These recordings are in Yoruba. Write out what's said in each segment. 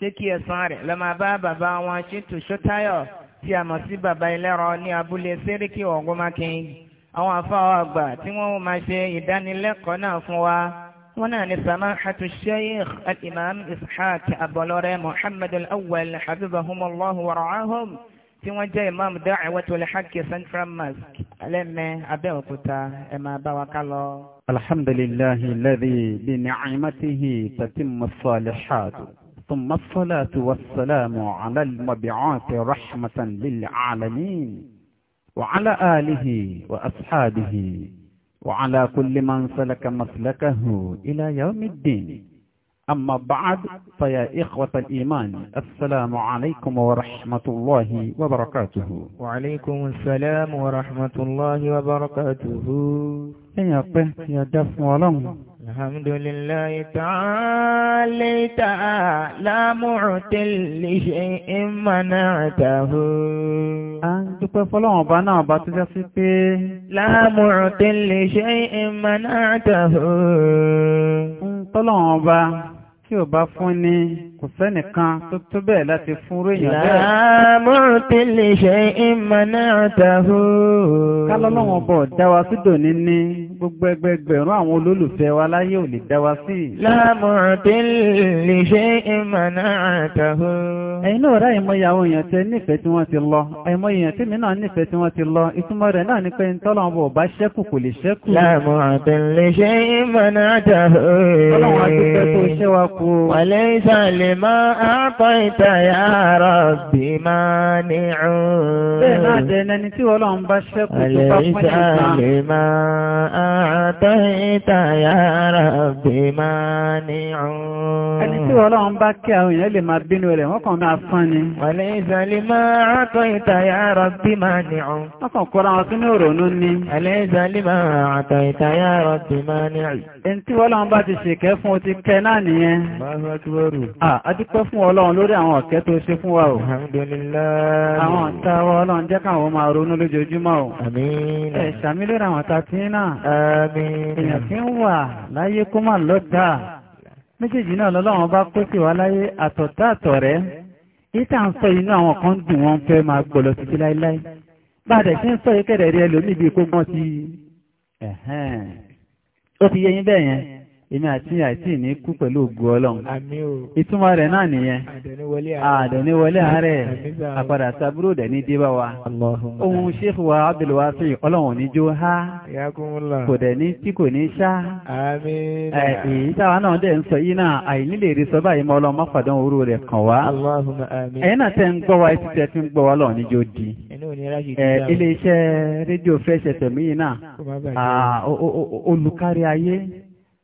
pé kí ẹ̀san rẹ̀ lọ máa bá bàbá wọn Chintu Ṣótáyọ̀ tí a mọ̀ sí bàbá ẹlẹ́rọ ní abúlé Séríkì Ògúnmákin àwọn afáwọ̀ àgbà tí wọ́n máa ṣe ìdánilẹ́kọ̀ọ́ náà fún wa wọ́n náà ní samahatu sheikh al-imam ishaq abọlọ́rẹ́ muhammad al-awwal habibahumullahu wa ra'ahum tí wọ́n jẹ́ imam da'watul haqqi central mosque alẹ́mẹ́ abẹ́òkúta ẹ̀ máa bá wa ká lọ. alhamdulillahi alladhi bi ni'matihi tatimmu as-salihat. ثم الصلاة والسلام على المبعوث رحمة للعالمين وعلى آله وأصحابه وعلى كل من سلك مسلكه إلى يوم الدين أما بعد فيا إخوة الإيمان السلام عليكم ورحمة الله وبركاته وعليكم السلام ورحمة الله وبركاته إيه يا يا دفن ولم الحمد لله تعالى لا معتل لشيء منعته dúpẹ́ fọ́lọ́wọ̀n ọba náà bá tó jásí pé la mu'til li shay'in mana'tahu tọ́lọ́wọ̀n ọba tí ò bá fún ní kò sẹ́nìkan tó tó bẹ́ẹ̀ láti fún ròyìn bẹ́ẹ̀. láàmúrù tí lè ṣe ìmọ̀nà àtàhù. kálọ́lọ́wọ́n bọ̀ dáwà sí dòní ní gbogbo ẹgbẹgbẹ̀rún àwọn olólùfẹ́ wa láyé ò lè dáwà sí. láàmúrù tí lè ṣe ìmọ̀nà àtàhù. ẹ̀yin náà rẹ̀ àìmọye àwọn èèyàn tẹ nífẹ̀ẹ́ tí wọ́n ti lọ àìmọye èèyàn tèmi náà nífẹ̀ẹ́ tí wọ́n ti lọ ìtumọ̀ rẹ̀ náà ni pé ń tọ́lọ́ bọ̀ bá ṣẹ́kù kò lè ṣẹ́kù. láàmúrù tí lè ṣe ìmọ̀nà àtàhù. ọlọ́run àti pẹ́ tó ṣẹ́wàá kú. wàlẹ́ ìsàlẹ̀ lèmọ́ àpọ̀ ìtayà rọ̀bì máa ní ọ̀hún. Bẹ́ẹ̀ náà jẹ́ ẹni tí wọ́n lọ́n bá ṣẹ́kù tó bá pọ́n أعطيت يا ربي مانع ẹni tí ọlọ́run bá kí àwọn èèyàn lè máa bínú rẹ̀ wọ́n kàn máa fán ni. wàlẹ̀ ìsàlẹ̀ máa àtọ́ ìta ya rọ̀bí máa ní ọ̀n. wọ́n kàn kọ́ra wọn sínú òrònú ni. wàlẹ̀ ìsàlẹ̀ máa àtọ́ ìta ya rọ̀bí máa ní ọ̀n. ẹni tí ọlọ́run bá ti ṣèkẹ́ fún o ti kẹ́ náà nìyẹn. a dúpẹ́ àwọn ọ̀tá wa ọlọ́run jẹ́ káwọn máa ronú lójoojúmọ́ o. àmín. ẹ̀ ṣàmì àwọn ọ̀tá tí náà. àmín èèyàn tí ń wà láyé kó má lọ́dà méjèèjì náà lọ́lọ́wọ́n bá kó sí wa láyé àtọ̀tá àtọ̀rẹ́ ìta ń sọ inú àwọn kan dùn wọn fẹ́ máa gbọ́ lọ títí láíláí bá dẹ̀ tí ń sọ ìkẹ́rẹ̀ rí ẹlòmíbi kó gbọ́n ti ó ti yẹ bẹ́ẹ̀ yẹn èmi àti àti ní kú pẹ̀lú ògùn ọlọ́run ìtumọ̀ rẹ̀ náà nìyẹn àdẹ̀ni ààrẹ àpàdà sàbúrò dẹ̀ débá wa ohun ṣéfù wa abdulwasi ọlọ́run ní ha kò dẹ̀ tí kò ní ṣá èyí táwa náà dẹ̀ ń sọ yìí náà àìní lè rí sọ báyìí mọ́ ọlọ́run mọ́fàdán orú rẹ̀ kàn wá náà tẹ́ ń gbọ́ wa tẹ́ fi ń gbọ́ wa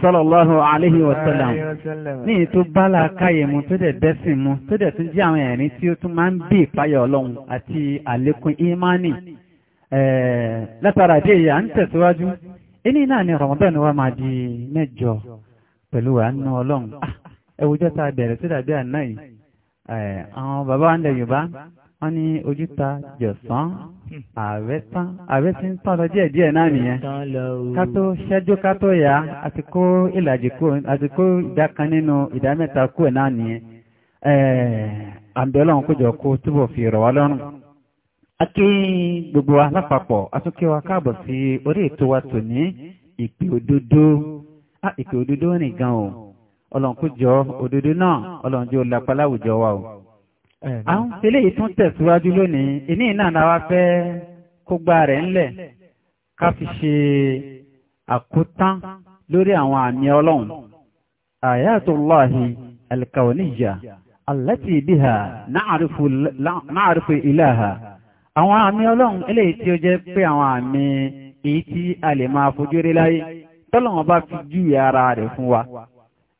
sallallahu alayhi wa sallam ní ètò bálá káyè mu tó dẹ̀ dẹ́sìn mu tó dẹ̀ tún jẹ́ àwọn ẹ̀rín tí ó tún máa ń bí ìpáyà ọlọ́run àti àlékún ìmánì látara àdé ìyà ń tẹ̀síwájú iní náà ni Ramadan wa máa di mẹ́jọ pẹ̀lú àánú ọlọ́run ah, ẹwùjọ́ bẹ̀rẹ̀ tó dàbí àná yìí àwọn bàbá wa ń lẹ Yorùbá wọ́n ní ojúta jọ̀sán hmm. ààrẹ tán ààrẹ tí ń tán lọ díẹ̀ díẹ̀ náà nìyẹn ká tó ṣẹ́jú ká tó yá àti kó ìlàjì kú àti kó ìdá kan nínú ìdá mẹ́ta kú ẹ̀ náà nìyẹn àbẹ̀lọ́n kójọ kó túbọ̀ fi rọ̀ wá lọ́rùn. akí gbogbo wa lápapọ̀ atúnkí wa káàbọ̀ sí orí ètò wa tò ní ìpè òdodo ìpè òdodo nìgan o ọlọ́nkójọ òdodo náà ọlọ́njọ́ lápá láwùjọ wa o. àwọn eléyìí tún tẹ̀síwájú lónìí ìní náà náà wá fẹ́ kó gbá rẹ̀ ńlẹ̀ ká fi ṣe àkótán lórí àwọn àmì ọlọ́run ayatullahi alkauniyya allati biha na'rifu ilaha àwọn àmì ọlọ́run eléyìí tí ó jẹ́ pé àwọn àmì èyí tí a lè máa fojú rí láyé bá fi júwe ara rẹ̀ fún wa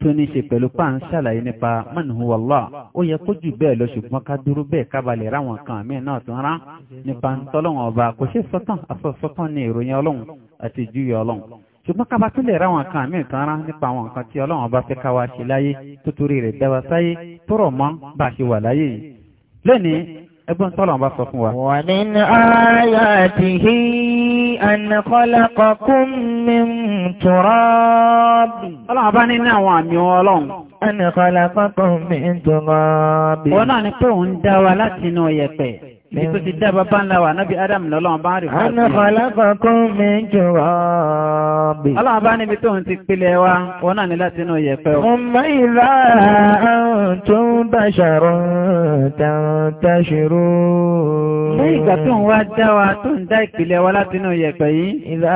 tó ní ṣe pẹ̀lú pa ń ṣàlàyé nípa man huwa Allah ó yẹ kó jù bẹ́ẹ̀ lọ ṣùgbọ́n ká dúró bẹ́ẹ̀ kábalẹ̀ ráwọn kan mí náà tó rán nípa ń tọ́lọ́wọ̀n ọba kò ṣe sọ́tàn asọ́sọ́tàn ní ìròyìn ọlọ́run àti ìjúyọ ọlọ́run ṣùgbọ́n kába tó lè ráwọn kan mí tó rán nípa àwọn nǹkan tí ọlọ́run ọba fẹ́ káwa ṣe láyé tó torí rẹ̀ dá wa sáyé tó rọ̀ mọ́ bá a أن خلقكم من تراب الله بني نعوام يولون أن خلقكم من تراب ونعني كون دولتنا يبي Ibi tó ti dábà bá ńlá wà náàbí Adam lọ́lọ́wọ́n bá ń rí fún àti. Ọ̀nà fàlákọ̀kún mi jù rọ̀bì. Ọlọ́wọ́n bá níbi tó ń ti pílẹ̀ wá, wọ́n náà ní láti inú yẹ̀pẹ̀ o. Ọmọ ìlà tó ń bá ṣàrọ̀ tàṣírò. Ní ìgbà tó ń wá dá wa tó ń dá ìpìlẹ̀ wa láti inú yẹ̀pẹ̀ yìí. Ìlà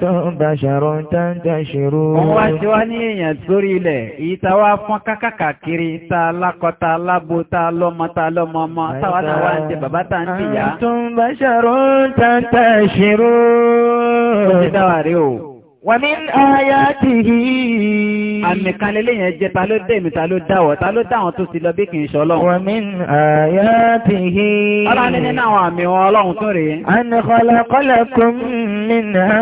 tó ń bá ṣàrọ̀ tàṣírò. Wọ́n wá ti wá ní ta ta lákọ, tá ń tìyà. àtúnbáṣàrò tàǹtà ṣèrò. ó ti dáwà rí o. Wàmín ayá ti hì í. Àmì kan lélé yẹn jẹ́ ta ló dé mi ta ló dáwọ̀ ta ló dáwọn tó ti lọ bí kìí ṣọlọ́run. Wàmín ayá ti hì í. Ọlá ní nínú àwọn àmì wọn ọlọ́run tó rèé. Ànìkọlẹ̀ kọlẹ̀ kún mi náà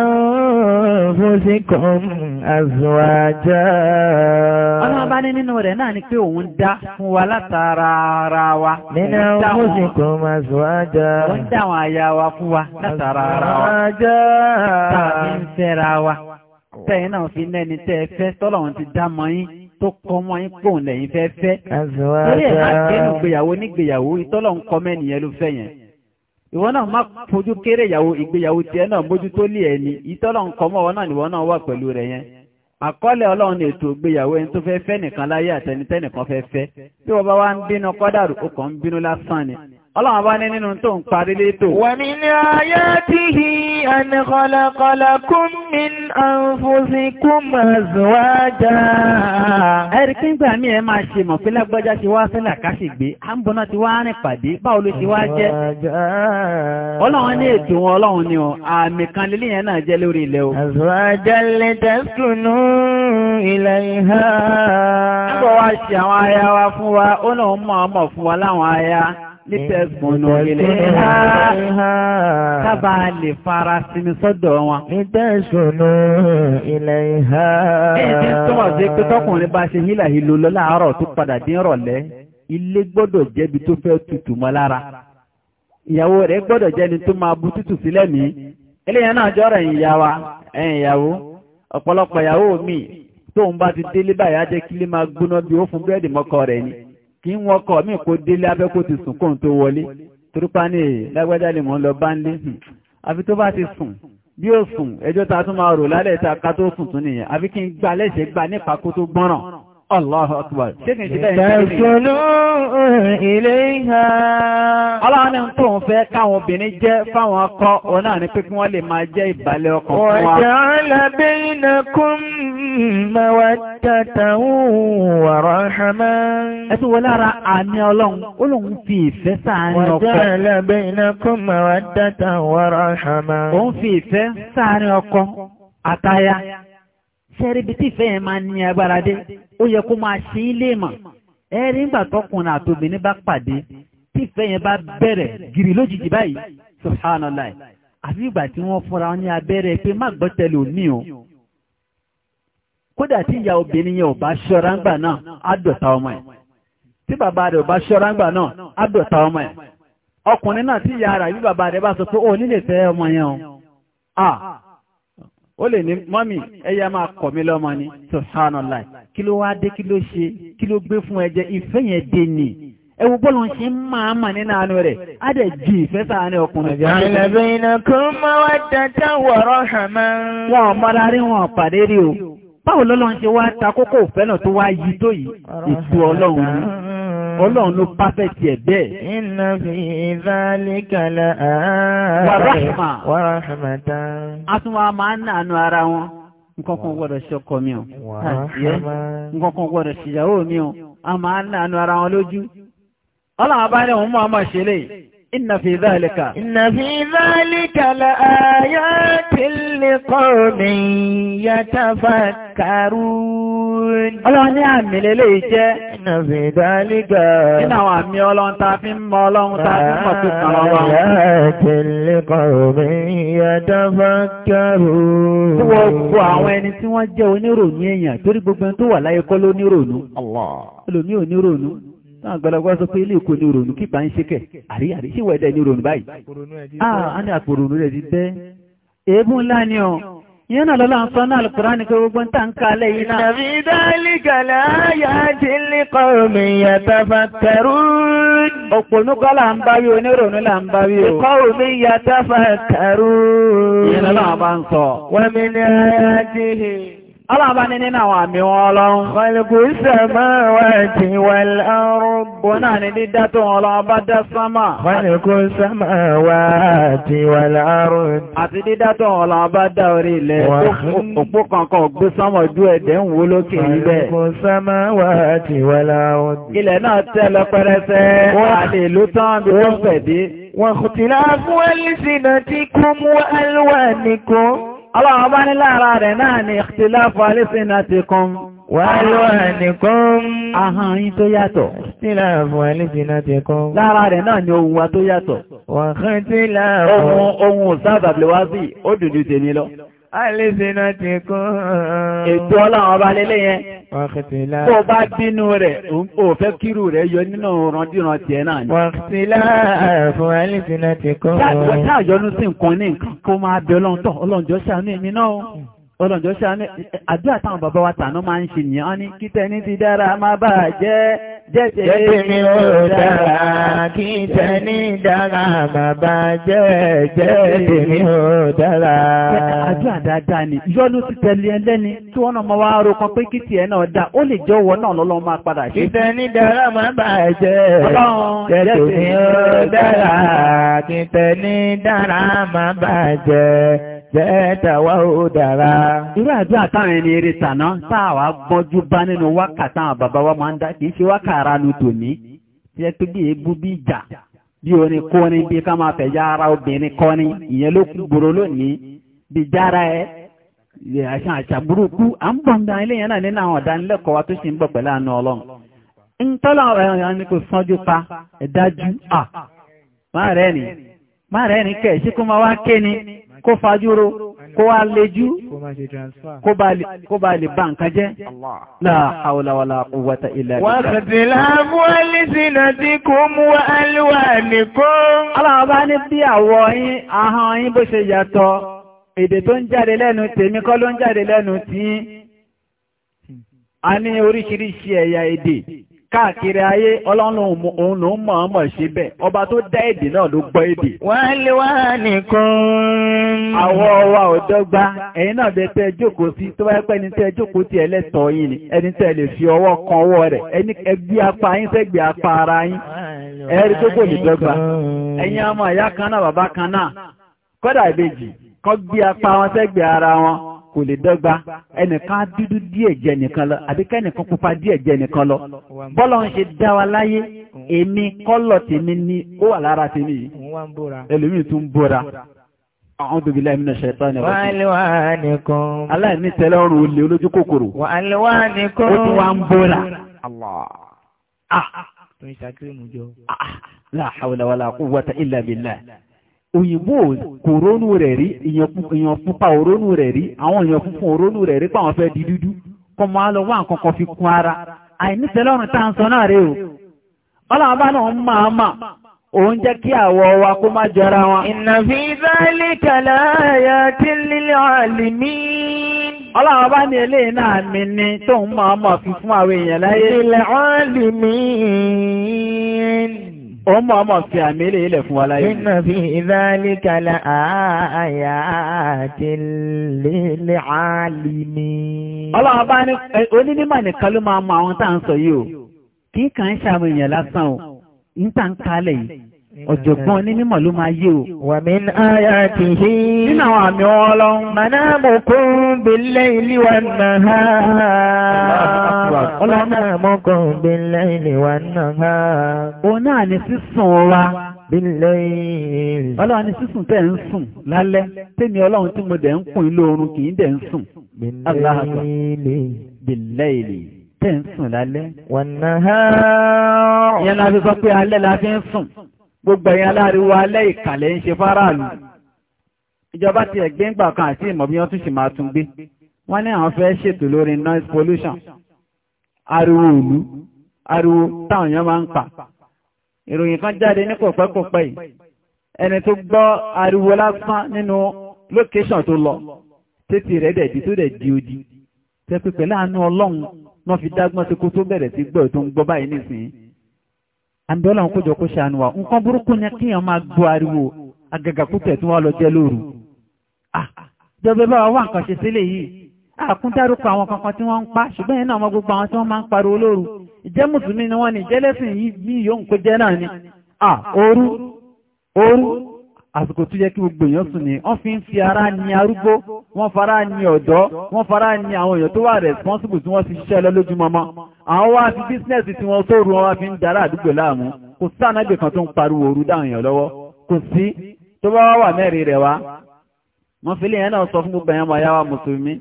fún sí kún àzùwájá. Ọlọ́run bá ní nínú rẹ̀ náà ni pé òun dá fún wa látara ara wa. Nínú fún sí kún àzùwájá. Òun dá àwọn àyà wa fún wa látara ara wa. Àzùwájá. Tàbí ń fẹ́ra wa tẹ́yìn náà fi nẹ́ni tẹ́ ẹ fẹ́ tọ́lọ́run ti dá mọ́ yín tó kọ́ mọ́ yín pòun lẹ́yìn fẹ́ fẹ́. lórí ẹ̀ má kẹ́nu gbéyàwó nígbéyàwó ìtọ́lọ́run kọ́ mẹ́nìyẹn ló fẹ́ yẹn. ìwọ náà má fojú kéré ìyàwó ìgbéyàwó tiẹ̀ náà mójútó lé ẹ̀ ní ìtọ́lọ́run kọ́ mọ́ wọn náà níwọ náà wà pẹ̀lú rẹ̀ yẹn. àkọọ́lẹ̀ ọlọ́run ní ètò ìgbéyàwó ẹni tó fẹ́ fẹ́ nìkan láyé àtẹnitẹ́nìkan fẹ́ fẹ́ bí wọ́n bá wá ń bínú kọ́dàrú ó kàn ń bínú lásán ni Ọlọ́run bá ní nínú tó ń parí létò. Wa min ayatihi an khalaqa lakum min anfusikum azwaja. Ẹ̀rí kí ń gbà mí ẹ máa ṣe mọ̀ pé lágbájá ti wá sílẹ̀ káṣìgbé, à ń bọ́ná ti wá rìn pàdé, báwo ló ti wá jẹ́? Ọlọ́run ní ètò wọn ọlọ́run ni ọ, àmì kan lílé yẹn náà jẹ́ lórí ilẹ̀ o. Azwaja litaskunu ilayha. Nígbà wá ṣe àwọn nítẹ̀sùnù ilé ha tábà lè fara sinmi sọ́dọ̀ wọn. nítẹ̀sùnù ilé ha. èyí túmọ̀ sí pé tọkùnrin bá ṣe hílà hílo lọ láàárọ̀ tó padà dín rọ̀lẹ́ ilé gbọ́dọ̀ jẹ́bi tó fẹ́ tutù mọ́ lára ìyàwó rẹ̀ gbọ́dọ̀ jẹ́ni tó máa bu tútù sílẹ̀ ní eléyàn náà jọ́rọ̀ ẹ̀yìn ìyá wa ẹ̀yìn ìyàwó ọ̀pọ̀lọpọ̀ ìyàwó mi tóun bá ti délé báyìí á jẹ́ kílé máa gbóná bí ó fún búrẹ́dì mọ́kọ rẹ̀ ni kí ń wọkọ̀ mí kó délé abẹ́ kó ti sùn kóhun tó wọlé torípa ní lágbájá lè mọ́ lọ bá ń hmm. àfi tó bá ti sùn bí ó sùn ẹjọ́ ta tún máa rò lálẹ́ ta ká tó sùn tún nìyẹn àfi kí n gbà lẹ́sẹ̀ gbà nípa kó tó gbọ́ràn Allahu akbar. Tẹ̀sùnú ilé ha. Aláàánú tó ń fẹ́ káwọn obìnrin jẹ́ fáwọn akọ, òun náà ni pé kí wọ́n lè máa jẹ́ ìbàlẹ̀ ọkàn fún wa. Ọ̀jà alábẹ́ iná kún mẹ́wà tàtàwù wàrà hàmá. Ẹ tún wọlé ara àmì ọlọ́run, ó lóun fi ìfẹ́ sáàárín ọkọ. Ọ̀jà alábẹ́ iná kún mẹ́wà tàtàwù wàrà hàmá. Òun fi ìfẹ́ sáàárín ọkọ àtaya. Ṣé ríbi tí ìfẹ́ yẹn máa ní agbára dé? ó yẹ kó máa ṣe ilé mọ̀ ẹ rí nígbà tọkùnrin àtòbìnrin bá pàdé tí ìfẹ́ yẹn bá bẹ̀rẹ̀ gìrì lójijì báyìí subhanallah àfi ìgbà tí wọ́n fúnra wọn ní abẹ́rẹ́ pé má gbọ́tẹ̀lẹ̀ òní o kódà tí ìyá obìnrin yẹn ò bá ṣọ́ra ńgbà náà á dọ̀tá ọmọ ẹ̀ tí bàbá rẹ̀ ò bá ṣọ́ra ńgbà náà á dọ̀tá ọmọ ẹ̀ ọkùnrin náà tí ìyá rẹ̀ àbí bàbá rẹ̀ bá sọ pé ó nílé fẹ́ ọmọ yẹn o ó lè ní máa kọ̀ mí lọ́mọ ni subhanallah kí ló wá dé kí ló ṣe kí ló gbé fún ẹjẹ ife yẹn ni ẹwù ṣe ń máa mà nínú àánú rẹ̀ á dẹ̀ ìfẹ́ ọkùnrin. àlẹ́bẹ̀ wọn o báwo ṣe wá ta kókó náà tó wá Ọlọ́run ló pàfẹ́tì ẹ̀ bẹ́ẹ̀. Inna fi dhalika la ààrẹ. Wa rahma. Wa rahmatan. A tún wa máa ń nànú ara wọn. Nǹkan kan gbọ́dọ̀ ṣe ọkọ mi o. Nǹkan kan gbọ́dọ̀ Inna fi dhalika. Inna fi dhalika la qawmin yatafakkarun. Ọlọ́run ní àmì lélẹ̀ jẹ́. Iná dálígà. Nínú àwọn àmì ọlọ́run ta fi ń ọlọ́run ta fi mọ̀ tó kàn ọlọ́run. Yatafakkarun qawmin yatafakkarun. Tí wọ́n gbogbo àwọn ẹni tí wọ́n náà gbalagbá sọ pé ilé ìkó ní ìrònú kípa ń ṣe kẹ̀ àríyàrí ṣíwọ̀ ẹ̀dẹ̀ ní ìrònú báyìí. Ah, a ní àpòrònú rẹ̀ ti bẹ́. Ebu ńlá ni ọ̀ yẹn náà lọ́la ń sọ náà lùkùrá ní gbogbo tá ń kalẹ̀ yìí náà. gàlẹ́ ayá ti omi yàtọ̀ fàtẹ̀rù. Òpònú kọ́ là ń bá wí onírònú là ń bá wí o. Ìkọ́ omi yàtọ̀ fàtẹ̀rù. Yẹn náà lọ́la bá ń sọ. Wọ́n mi ní ayá ti lè. Aláàbá ní nínú àwọn àmì wọn ọlọ́run. Kọlùkù sẹ́mọ́ wàtí wàlárùn. Bọ́ náà ni dídá tó wọn lọ bá dá sánmà. Kọlùkù sẹ́mọ́ wàtí wàlárùn. Àti dídá tó wọn lọ bá dá orí ilẹ̀. Òpó kankan gbé sánmà ju ẹ̀dẹ̀ ń wo lókè níbẹ̀. Kọlùkù sẹ́mọ́ wàtí wàlárùn. Ilẹ̀ náà tẹ́ Allah bá ní lára rẹ̀ náà ni ìtìláfà alẹ́sìnàtìkan wàlúwànìkan ahàn yí tó yàtọ̀. ìtìláfà alẹ́sìnàtìkan lára rẹ̀ náà ni ohun wa tó yàtọ̀. wàhán tí ohun sábàbí Àìlèsìnà ti kún. Ètò ọlọ́run ọba lélẹ̀ yẹn. Wàkìtìlá. Tó bá bínú rẹ̀, ò fẹ́ kírù rẹ̀ yọ nínú randíran ti ẹ̀ náà ni. Wàkìtìlá fún àìlèsìnà ti kún. Ṣáàjọ́nú sí nǹkan ní nǹkan kó máa bẹ ọlọ́run tọ̀, ọlọ́run jọ ṣàánú èmi náà ọlọ́njọ́ ṣe àdúrà táwọn bàbá wa tàná máa ń ṣe nìyàn ní kí tẹni ti dára máa bá jẹ́ Jẹ́tẹ̀ mi ò dára kí jẹ́ ní dára bàbá jẹ́ jẹ́tẹ̀ mi ò dára. Àjọ àdáadáa ni yọ́nú ti tẹ̀lé ẹlẹ́ni tí wọ́n náà máa wá rọpọ̀ pé kí tiẹ̀ náà dá ó lè jọ wọ́n náà lọ́lọ́ máa padà ṣe. Kí jẹ́ ní dára bàbá jẹ́ jẹ́tẹ̀ mi ò dára kí jẹ́ ní dára bàbá jẹ́. Bẹ́ẹ̀ta ó dára. Irú àdúrà táwọn ẹni eré tàná táàwà gbọ́njú bá nínú wákà táwọn bàbá wa máa ń dá ṣe wákà nu tòní. Ṣé pé bí bí ìjà bí orin kọrin bí ká máa ara obìnrin kọrin ìyẹn ló kú gbòòrò lónìí bí jára àṣà àṣà burúkú à ń bọ̀ ilé yẹn náà nínú àwọn wa tó ṣe kó fajúro kó wá lejú kó bá lè bá nǹkan jẹ́ láàáwọ̀láwọ̀lá quwwata illa billah. wọ́n kàtìlá fún alìsìnà tí kò mú alìwà nìkan. aláwọ̀ bá ní bí àwọ̀ yín ahọ́n yín yàtọ̀ èdè tó ń jáde lẹ́nu tèmi kọ́ ló ń jáde lẹ́nu tí a ní oríṣiríṣi ẹ̀yà èdè. káàkiri ayé ọlọ́run òun ló mọ̀ ọ́n mọ̀ ọba tó dá èdè náà ló gbọ́ èdè. wọ́n lé wá nìkan. àwọ̀ wa ò dọ́gba ẹ̀yin bẹ tẹ́ jókòó sí tó bá yẹ pé ẹni tẹ́ jókòó yìí ni ẹni fi ọwọ́ kan ọwọ́ rẹ̀ ẹni apá yín apá ara yín ẹ̀rí tó kò lè ọmọ ìyá kan náà bàbá kan náà kọ́dà ìbejì kọ́ gbé apá wọn ara wọn kò lè dọ́gba ẹnìkan dúdú díẹ̀ jẹ nìkan lọ àbí kẹ́nìkan pupa díẹ̀ jẹ nìkan lọ bọ́lá ń ṣe dá wa láyé èmi kọ́lọ̀ tèmi ni ó wà lára tèmi yìí ẹlòmíì tún bóra A'udhu billahi minash shaitani rajim. Wa alwanikum. Aláìní tẹ́lẹ̀ ọrùn olè olójú kòkòrò. Wa alwanikum. Ó ń bóra. Allah. Ah. Tó ń ṣàkírí mú jọ. Ah. La hawla wala quwwata illa billah. òyìnbó kò rónú rẹ̀ rí èèyàn pupa ò rónú rẹ̀ rí àwọn èèyàn funfun ò rónú rẹ̀ rí pàwọn fẹ́ di dúdú kọ́ máa lọ fi ara àìníṣẹ́lọ́run tá à ń sọ náà rèé o ọlọ́run bá náà ń máa mà òun jẹ́ kí àwọ̀ wa kó má jọra wọn. ọlọ́run bá ní eléyìí náà ní tóun máa fi fún àwọn èèyàn ó mọ̀ ọmọ fi àmì ilé ilẹ̀ fún wa láyé. Inna fi dhalika la ayatin lil alimin. Ọlọ́run bá ní onínímọ̀ nìkan ló máa mọ àwọn tá à ń sọ yìí o. Kì kàn ń ṣàwọn èèyàn lásán o. Ń tà ń kalẹ̀ yìí ọ̀jọ̀gbọ́n onímọ̀ ló máa yé o. Wa min ayatihi. Nínú àwọn àmì ọlọ́run. Manamukum bil-layli wan-nahar. Manamukum bil-layli wan-nahar. Òun náà ni sísùn wa. Bil-layli. Ọlọ́run ni sísùn tẹ̀ ń sùn lálẹ́. Tẹ́mi ọlọ́run tí mo dẹ̀ ń kùn ilé oorun kì í dẹ̀ ń sùn. Bil-layli. Bil-layli tẹ́ ń sùn lálẹ́. Wan-nahar. Ìyẹn la fi sọ pé alẹ́ la fi ń sùn gbogbo ẹ̀yìn aláriwo alẹ́ ìkàlẹ̀ ń ṣe fáráàlú ìjọba ti ẹ̀gbẹ́ngbà kan àti ìmọ̀ bí wọ́n tún sì máa tún gbé wọ́n ní àwọn fẹ́ ṣètò lórí noise pollution ariwo ìlú ariwo táwọn èèyàn máa ń pa ìròyìn kan jáde ní kòpẹ́kòpẹ́ yìí ẹni tó gbọ́ ariwo lásán nínú location tó lọ tètè rẹ̀ dẹ̀ di tó dẹ̀ di odi tẹ́pẹ́ pẹ̀lú àánú ọlọ́run náà fi dágbọ́n sí kó tó bẹ̀rẹ̀ sí gbọ́ tó ń gbọ́ báyìí nísìnyí àbíọ́lá ń kójọ kó ṣàánú wa nǹkan burúkú ni kí èèyàn máa gbọ́ ariwo agagakútẹ̀ tí wọ́n lọ jẹ́ lóru ah, jọba bá wà nǹkan ṣe sílẹ̀ yìí àkúndárúkọ ah, àwọn kankan tí wọ́n ń pa ṣùgbọ́n yẹn náà mọ gbogbo àwọn tí wọ́n máa ń pariwo lóru ìjẹ́ mùsùlùmí ni wọ́n ní ìjẹ́lẹ́sìn yìí yóò ń kó jẹ́ náà ni ah, òru òru àsìkò tó yẹ kí gbogbo èèyàn sùn ní wọ́n fi ń fi ara ní arúgbó wọ́n fara ní ọ̀dọ́ wọ́n fara ní àwọn èèyàn tó wà responsible tí wọ́n ti ṣiṣẹ́ lọ àwọn wá fi bísínẹ́sì tí wọ́n sóòrù wọn fi ń dára àdúgbò láàmú kò sí kan tó ń pariwo òru dáhùn èèyàn lọ́wọ́ kò sí tó bá wà mẹ́rin rẹ̀ wá. wọ́n fi léyìn náà sọ fún gbogbo ẹ̀yàn wáyá wa mùsùlùmí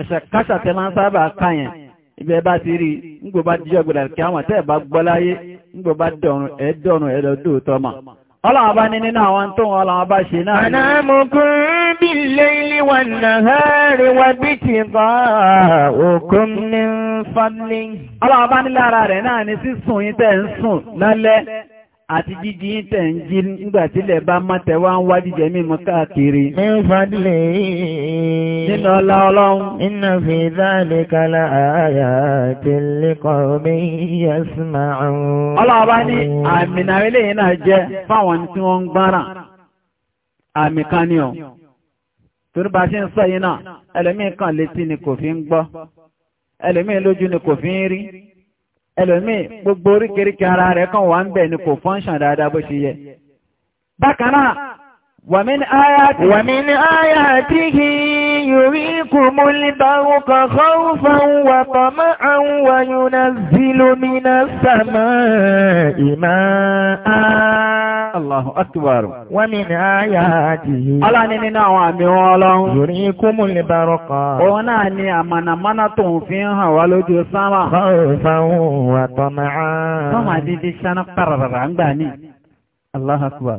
ẹ̀ṣẹ̀ káṣà tẹ máa ń sábà káyàn ibẹ̀ bá ti rí ngbò bá díjọ́ gbọdọ̀ kí àwọn àtẹ̀ bá gbọ́ láyé ngbò bá dọ̀rùn ẹ̀ẹ́dọ̀rùn ẹ̀ẹ́dọ̀dọ̀ tọ́mà Ọlọ́run bá ní nínú àwọn tó wọn ọlọ́run bá ṣe náà. Ànàmùkún bí lè ilé wà náà rí wà bí ti bá òkun ní fọ́nlẹ̀. Ọlọ́run bá ní rẹ̀ náà ní sísùn yí tẹ́ ń sùn lálẹ́ àti jíjí ń tẹ̀ ń jí nígbàtílẹ̀ bá mọ́tẹ̀ wá ń wá jíjẹ mímu káàkiri. min fadli. nínú ọlá ọlọ́run. inna fi dhalika la ayatin liqawmin yasma'un. ọlọ́run bá ní àmì náà eléyìí náà jẹ́ fáwọn tí wọ́n ń gbára àmì kan ni ọ̀ torí bá ṣe ń sọ yìí náà ẹlòmíì kan létí ni kò fi ń gbọ́ ẹlòmíì lójú ni kò fi ń rí ẹlòmíì gbogbo oríkèríkè ara rẹ̀ kàn wá ń bẹ̀ ni kò fọ́nṣàn dáadáa bó ṣe yẹ. bákan náà ومن آياته ومن آياته يريكم البرق خوفا وطمعا وينزل من السماء ماء الله أكبر ومن آياته ألا نينا وامي والله يريكم البرق ونا ني أمانا مانا تنفيها ولد سما خوفا وطمعا سما دي دي شانا قرر الله أكبر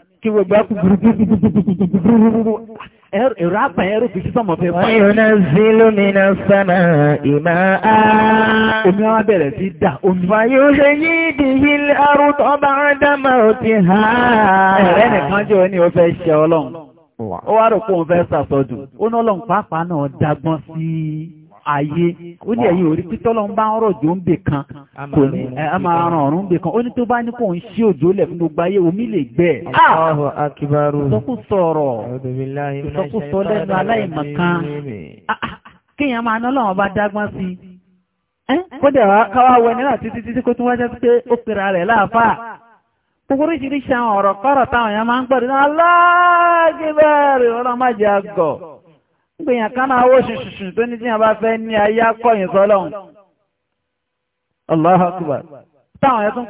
kí gbogbo akú gbùrùgbùrùgbùrùgbùrùgbùrù ẹ̀rọ apà ẹ̀rọ fi sí sọ́mọ̀ fẹ́ fà. wọ́n yóò náà sí lómìnà sánà ìmá á. omi wa bẹ̀rẹ̀ sí dà omi. wà yóò ṣe yí ìdíyí arúgbó ọba ádámà òtí ha. ẹ̀rẹ́ nìkan jẹ́ òní ó fẹ́ ṣe ọlọ́run ó wá rò pé òun fẹ́ sàtọ́dù ó ná ọlọ́run pàápàá náà dágbọ́n sí i ayé ó ní ẹ̀yìn orí títọ́lọ́ ń bá ń rọ̀jò ń bè kan kò ní ẹ máa ràn ọ̀run ń bè kan ó ní tó bá ní kò ń ṣí òjò lẹ̀ fún gbogbo ayé omi lè gbẹ. ìsọkúsọ ọ̀rọ̀ ìsọkúsọ lẹ́nu aláìmọ̀kan ah, ah, kéèyàn máa ná lọ́wọ́ bá dágbọ́n sí i. kódà káwá wọ ẹni náà títí títí kó tún wájá pé ó pera rẹ̀ láàfáà kúkúrú ìṣiríṣi àwọn ọ̀rọ̀ kọ́rọ̀ táwọn èèyàn máa ń gbọ́dọ̀ náà aláàgbẹ̀bẹ̀rẹ̀ ọlọ́mọdé àgọ̀. gbìyàn ká máa wó ṣùṣùṣù tó ní tí a bá fẹ́ ní ayá kọ̀yìn sọ́lọ́run Allahu táwọn ẹ̀tún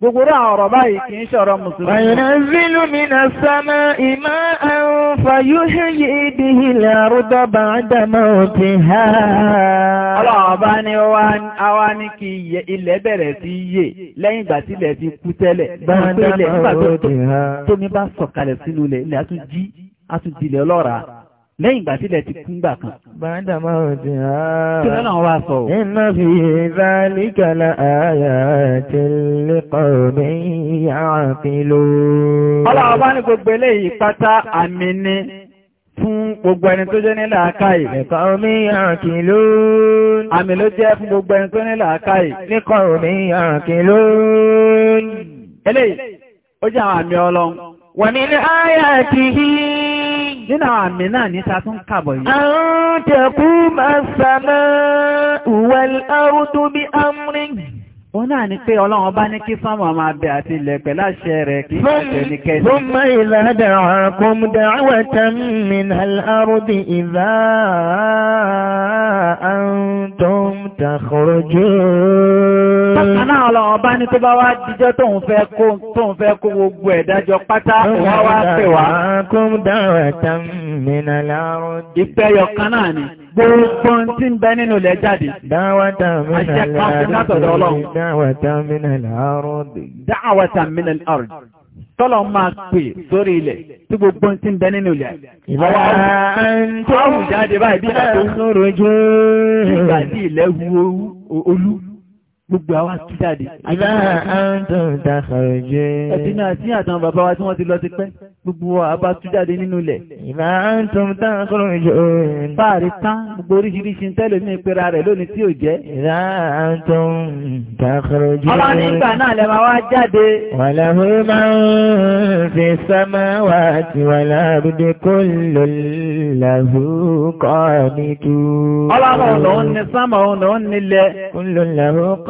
gbogbo rẹ̀ ọ̀rọ̀ báyìí kì ṣọ̀rọ̀ mùsùlùmí. Yunazzilu minas sama'i ní kí ilẹ̀ bẹ̀rẹ̀ sí lẹ́yìn ìgbà kú tẹ́lẹ̀. bá sọ̀kalẹ̀ sínú ilẹ̀ a tún dilẹ̀ ọlọ́ra lẹ́yìn ìgbà tílẹ̀ ti kún gbà kan. Bàdà máa ò ti há. Kí lọ́nà wa sọ? Iná fi ìbálíkà la àyà ti lè kọ̀ ní àkìlò. Ọlọ́wọ́ bá ní gbogbo eléyìí pátá àmì ni fún gbogbo ẹni tó jẹ́ nílẹ̀ àkáyì. Ẹ̀kọ́ mi àkìlò. Àmì ló jẹ́ fún gbogbo ẹni tó nílẹ̀ àkáyì. Níkọ̀ mi àkìlò. Eléyìí, ó jẹ́ àwọn àmì Ọlọ́run. Wọ̀n ní ní àyà ti hí nínú àwọn àmì náà ní ta tún kàbọ̀ yìí. àrùn tẹ̀kú máa sàmà ìwẹ̀l àrùn tó bí amúrin. Wọ́n náà ni pé ọlọ́run bá ní kí sánmà máa bẹ àti ilẹ̀ pẹ̀lú àṣẹ rẹ̀ kí ìṣẹ́ ní kẹsì. Fún mọ́ ìlàdà àkùn dáwẹ̀ta min al'arudi ìlà àǹtọ́m tàkọrọjú. Bákan náà náà ni gbogbo tí ń bẹ nínú ilẹ̀ jáde. Dáwàtà mínà láàrọ̀dì. Dáwàtà mínà láàrọ̀dì. Tọ́lọ̀ máa pè sórí ilẹ̀ tí gbogbo tí ń bẹ nínú ilẹ̀. Ìbára ń tó jáde báyìí bí ìgbà gbogbo àwa kí jáde. Ìlà àǹtọ̀ ìdàkàrò jẹ́. Ẹ̀dínà àti àtàwọn bàbá wa tí wọ́n ti lọ ti pẹ́, gbogbo àbá tú jáde nínú ilẹ̀. Ìlà àǹtọ̀ ìdàkàrò jẹ́. Fáàrí tán, jẹ́. Ìlà àǹtọ̀ ìdàkàrò jẹ́. fi sámá wá àti wàlá àrùdé kó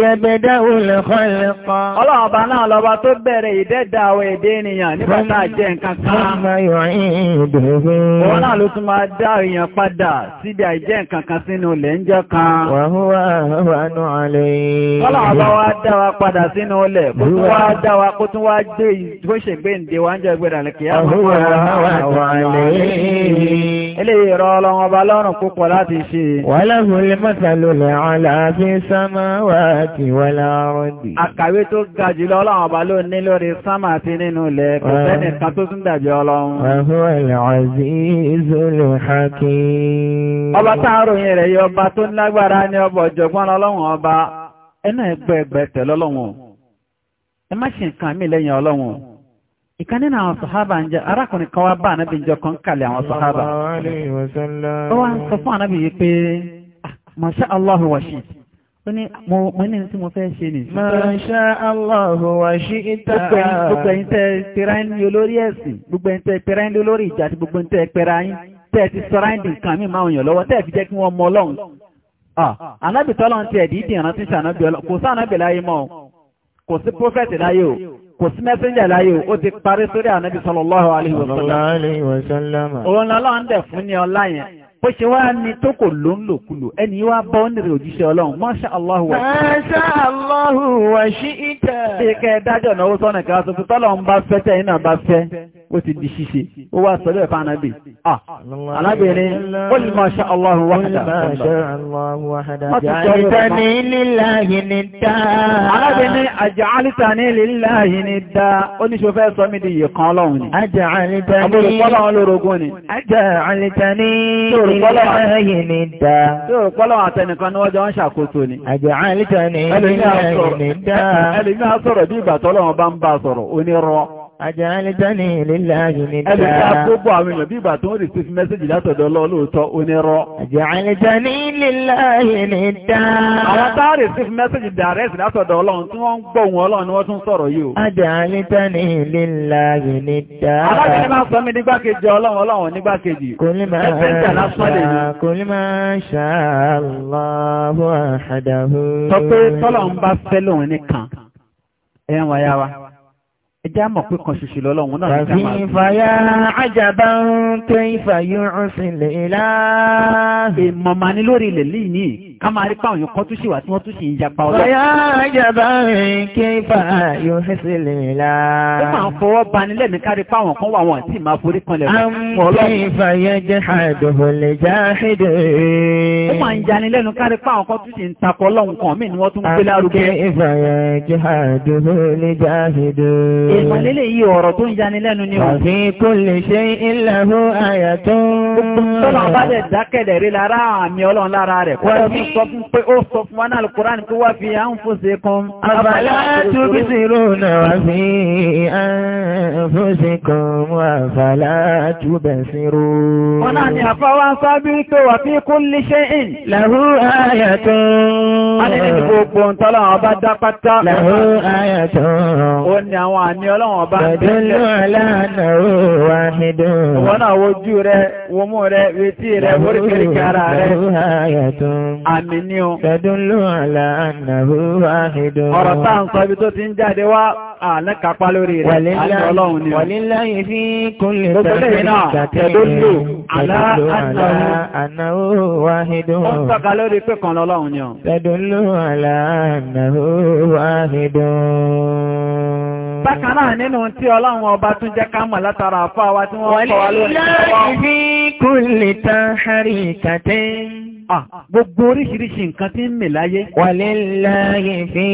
yẹbẹ̀dá olùkọ́ ẹ̀kọ́. Ọlọ́ọ̀bá náà lọba tó bẹ̀rẹ̀ ìdẹ́dà àwọ̀ èdè ènìyàn nígbà tá a jẹ́ nǹkan kan. Wọ́n náà ló tún máa dá èèyàn padà síbi àìjẹ́ nǹkan kan sínú ilẹ̀ ń kan. wa dá wa padà sínú ilẹ̀ kó tún wá dá wa kó tún wá gbé ìgbésẹ̀gbé wa ń jẹ́ gbẹ̀dà lẹ́kẹ̀ẹ́ Eléyìí rọ ọlọ́run ọba lọ́rùn púpọ̀ láti ṣe. Wàhálà fún ilé mọ́sàlólẹ̀ fi sánmọ́. samawati wal ardi. Àkàwé ga ọba lo ní lórí sámà ninu nínú ilẹ̀ kò kan tó tún dàbí ọlọ́run. Wa huwa al-azizul hakim. Ọba táàròyìn ọba tó lágbára ọba ọ̀jọ̀gbọ́n ọlọ́run ọba. Ẹnà ẹgbẹ́ ẹgbẹ́ tẹ̀lé ọlọ́run. E ma ṣe nǹkan mí àwọn sọ̀hábà ń jẹ́ arákùnrin bá ànábì ìjọ kan àwọn sọ̀hábà. Ó wá ń sọ fún ànábì ó ní mo ní tí mo fẹ́ ṣe nì. Masha Allah wa shi'ta. gbogbo ẹ̀yin tẹ́ pẹ̀rẹ́ ẹni olórí ẹ̀sìn gbogbo ẹ̀yin tẹ́ pẹ̀rẹ́ ẹni olórí ìjà àti gbogbo ẹ̀yin tẹ́ pẹ̀rẹ́ ayín tẹ́ ti sọ́ra ẹ̀dì nǹkan mi máa ń yàn lọ́wọ́ tẹ́ fi jẹ́ kí wọ́n mọ ọlọ́run. ànábì tọ́lọ́ ti ẹ̀dí ìdí ìrántí ṣànábì ọlọ́run kò sí ànábì láyé mọ́ kò sí prófẹ́tì láyé o kò sí mẹ́sẹ́njà láyé o ó ti parí sórí ànábì sallallahu alaihi wasallam bó ṣe wá ní tó kò ló ń lòkulò ẹni wá bọ́ nìrì òjíṣẹ́ ọlọ́run Masha Allahu wa Masha Allahu wa shi'ita. ṣe kẹ́ dájọ́ náà ó sọ́nà kí wá sọ fún ń bá fẹ́ tẹ́ iná bá fẹ́ ó ti di ṣíṣe ó wá sọ́lẹ̀ fún anábì alábìnrin qul ma sha Allahu wahda aj'altani lillahi nidda alábìnrin aj'altani lillahi nidda oníṣòfẹ́ sọ mí di yìkan ọlọ́run ni aj'altani lillahi nidda olùpọ́lọ́run àtẹnìkan ni wọ́n jọ ń ṣàkóso ni aj'altani lillahi nidda ẹlòmí á sọ̀rọ̀ bí ìgbà tọ́lọ́run bá ń bá sọ̀rọ̀ onírọ́ Àjàálítání ìlélàáyì ní dáa. Ẹni ká tó bọ̀ àwọn èèyàn bí ìgbà tó ń rìsí sí mẹ́sẹ̀jì látọ̀dọ̀ ọlọ́lọ́tọ́ onírọ́. Àjàálítání ìlélàáyì ní dáa. Àwọn tá rìsí sí mẹ́sẹ̀jì dàrẹ́sì látọ̀dọ̀ ọlọ́run tí wọ́n ń gbọ́ ohùn ọlọ́run ni wọ́n tún sọ̀rọ̀ yìí o. Àjàálítání ni máa sọ mí nígbàkejì ọlọ́run ọlọ́run nígbàkejì. Kò ní máa kò ní Ẹjá mọ̀ pé kan ṣoṣo lọ́lọ́run náà ní ìjàmà. Ìfàyà àjàbá ń kẹ́ ìfàyà ọ̀sìn lè láàá. Èèmọ̀ mà lórí ilẹ̀ líì ní ká máa rí páwọn yóò kọ́ tó ṣe wà tí wọ́n tó ṣe ń japa ọlọ́. ọ̀yá ìjọba rìn kí fà yóò fi lè la. ó máa ń fọwọ́ bani lẹ́mìí kárí páwọn kan wà wọ́n tí máa forí kan lẹ̀ fún ìfàyẹ jẹ́ àdòhò lè já ṣèdè. ó máa ń jani lẹ́nu kárí páwọn kan tó ṣe ń takọ ọlọ́run kan mí ni wọ́n tún gbé lárugẹ. àmì ìfàyẹ jẹ́ àdòhò lè já ṣèdè. ìmọ̀lélẹ̀ sọ fún pé ó sọ fún wọn alùkùránì kó wá fi anfusikum. Àbàlá tubsiruna wa fi anfusikum wa fala tubsirun. Wọ́n náà ni àfáwá sábí pé wà fi kulli shay'in. Lahu ayatun. A ní ní gbogbo ń tọ́lọ́ àwọn bá dá pátá. Lahu ayatun. Ó ní àwọn àmì ọlọ́wọ̀n bá ń bẹ̀rẹ̀. Bẹ̀dẹ̀ ló aláàánú wa ní dùn. Ìwọ́n náà wojú rẹ̀, womú rẹ̀, retí rẹ̀, oríkèéríkèé ara àmì ní o. Ṣẹ̀dúnlò àlà ànàrú àhìdò. Ọ̀rọ̀ tá ń sọ ibi tó ti ń jáde wá àlẹ́kàpá lórí rẹ̀ àti ni. fi kúnlẹ̀ pẹ̀lú ṣẹ̀dúnlò àlà ànàrú àhìdò. Ó ń tọ́ka kan lọ́lọ́run ni o. Ṣẹ̀dúnlò àlà ànàrú àhìdò. Bákan náà nínú tí ọlọ́run ọba tún jẹ́ ká mọ̀ látara àfáà wa tí wọ́n kọ́ wa lórí. Wàlíláyé fi kúnlẹ̀ tán Gbogbo oríṣiríṣi nǹkan tí ń mì láyé. Walillahi fi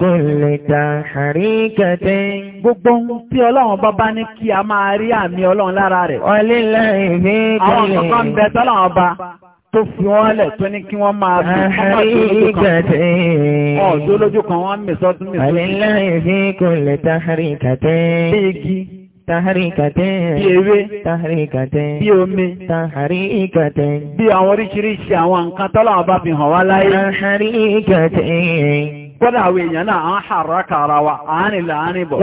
kulli tahrikatin. Gbogbo ohun tí Ọlọ́run bá bá ní kí a máa rí àmì Ọlọ́run lára rẹ̀. Walillahi fi kulli. Àwọn kankan bẹ tọ́lọ́run bá tó fi wọ́n lẹ̀ tó ní kí wọ́n máa bí ọmọdé lójú kan wọ́n mì sọ́tún mì sọ́tún. Walillahi fi kulli tahrikatin. Tàhàríkàtẹ́. Bí ewé. Tàhàríkàtẹ́. Bí omi. Tàhàríkàtẹ́. Bí àwọn oríṣiríṣi àwọn nǹkan tọ́lọ̀ hàn wá láyé. Tàhàríkàtẹ́ kọ́dà àwọn èèyàn náà àwọn àràkà ara wa àárín láàárín bọ̀.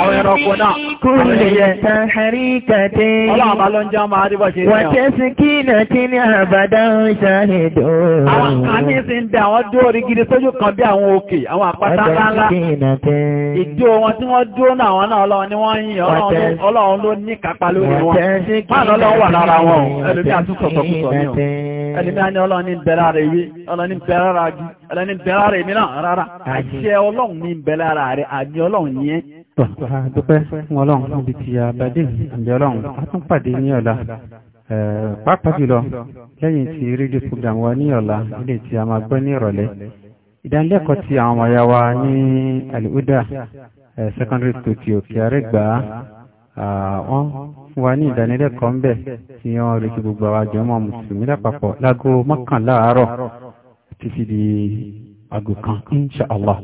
àwọn ẹranko náà kúrò lè yẹ. tàhárí kàdé. ọlọ́run bá ló ń jẹ́ ọmọ adébọ̀ ṣe ní ọ. wọ́n tẹ́sí kí nà kí ní àbàdà ń ṣàhìdò. àwọn kan ní sí ń dẹ àwọn dúró rí gidi sójú kan bí àwọn òkè àwọn àpáta ńláńlá. ìjó wọn tí wọ́n dúró náà wọn náà ọlọ́run ni wọ́n ń ní kápá ẹlẹ́mí ọlọ́run ní bẹ̀rẹ̀ rẹ̀ wí ọlọ́run ní bẹ̀rẹ̀ rẹ̀ agi ọlọ́run ní bẹ̀rẹ̀ rẹ̀ mìíràn rárá àṣẹ ọlọ́run ní bẹ̀rẹ̀ rẹ̀ àgbẹ̀ ọlọ́run yẹn. dúpẹ́ fún ọlọ́run fún ibi tí a bá dé àgbẹ̀ ọlọ́run a tún pàdé ní ọ̀la pàápàá jùlọ lẹ́yìn tí rédíò program wa ní ọ̀la ilé tí a máa gbọ́ ní ìrọ̀lẹ́ ìdánilẹ́kọ̀ọ́ ti àwọn ọmọ ya wa ní al secondary school ti òkè àrẹ́gbàá wọ́n fún wa ní ìdánilẹ́kọ̀ọ́ ń bẹ̀ tí wọ́n retí gbogbo àwọn àjọmọ́ mùsùlùmí lápapọ̀ láago mọ́kànlá àárọ̀ títí di aago kan insha allah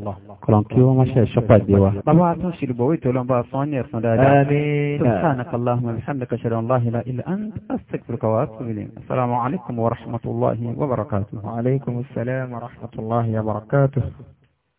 kọlọ̀n kí wọ́n máṣe ṣọ́pàdé wa. bàbá tún ṣe lùbọ̀wé tó lọ́n bá sọ ní ẹ̀sán dáadáa. àmín. subhanaka allahumma wa bihamdika ashhadu an la ilaha illa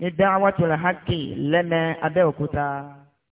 ní dáwàtúlá hákì lẹ́mẹ́ abẹ́òkúta.